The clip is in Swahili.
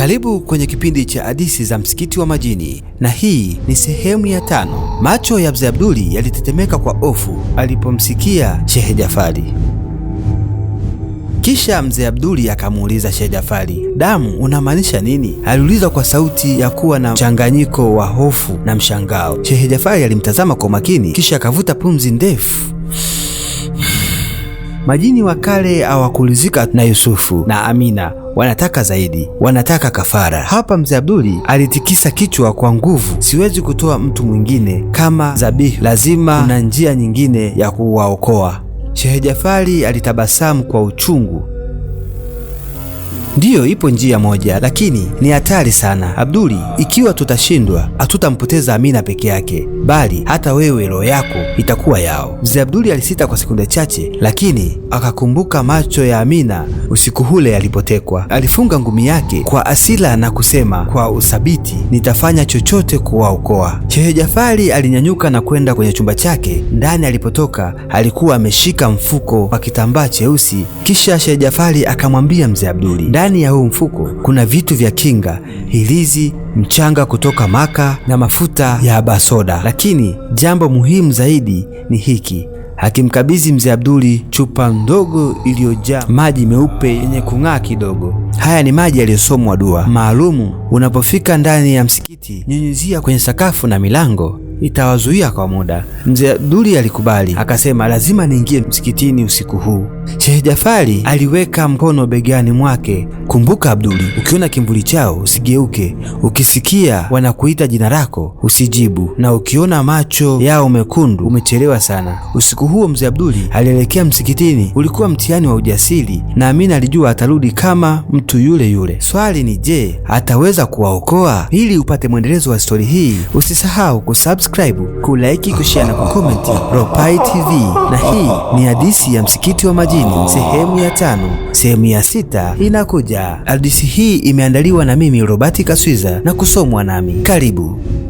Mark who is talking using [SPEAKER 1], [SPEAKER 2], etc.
[SPEAKER 1] Karibu kwenye kipindi cha hadithi za msikiti wa majini, na hii ni sehemu ya tano. Macho ya mzee Abduli yalitetemeka kwa hofu alipomsikia Shehe Jafari. Kisha mzee Abduli akamuuliza Shehe Jafari, damu unamaanisha nini? Aliuliza kwa sauti ya kuwa na mchanganyiko wa hofu na mshangao. Shehe Jafari alimtazama kwa makini, kisha akavuta pumzi ndefu Majini wa kale hawakuridhika na Yusufu na Amina, wanataka zaidi, wanataka kafara. Hapa mzee Abduli alitikisa kichwa kwa nguvu, siwezi kutoa mtu mwingine kama dhabihu, lazima kuna njia nyingine ya kuwaokoa. Shehe Jafari alitabasamu kwa uchungu. Ndiyo, ipo njia moja, lakini ni hatari sana Abduli. Ikiwa tutashindwa, hatutampoteza Amina peke yake, bali hata wewe, roho yako itakuwa yao. Mzee Abduli alisita kwa sekunde chache, lakini akakumbuka macho ya Amina usiku ule alipotekwa. Alifunga ngumi yake kwa asila na kusema kwa uthabiti, nitafanya chochote kuwaokoa. Shehe Jafari alinyanyuka na kwenda kwenye chumba chake. Ndani alipotoka alikuwa ameshika mfuko wa kitambaa cheusi, kisha Shehe Jafari akamwambia mzee Abduli, ndani ya huu mfuko kuna vitu vya kinga, hilizi mchanga kutoka Maka na mafuta ya basoda, lakini jambo muhimu zaidi ni hiki akimkabidhi mzee Abduli chupa ndogo iliyojaa maji meupe yenye kung'aa kidogo. Haya ni maji yaliyosomwa dua maalumu. Unapofika ndani ya msikiti, nyunyizia kwenye sakafu na milango, itawazuia kwa muda. Mzee Abduli alikubali, akasema lazima niingie msikitini usiku huu. Sheikh Jafari aliweka mkono begani mwake. Kumbuka Abduli, ukiona kimvuli chao usigeuke, ukisikia wanakuita jina lako usijibu, na ukiona macho yao mekundu umechelewa sana. Usiku huo mzee Abduli alielekea msikitini. Ulikuwa mtihani wa ujasiri, na Amina alijua atarudi kama mtu yule yule. Swali ni je, ataweza kuwaokoa? Ili upate mwendelezo wa stori hii, usisahau kusubscribe, kulike, kushare na kukomenti Ropai TV, na hii ni hadithi ya msikiti wa Majini. Lakini ah. sehemu ya tano, sehemu ya sita inakuja. Hadithi hii imeandaliwa na mimi Robert Kaswiza na kusomwa nami. Karibu.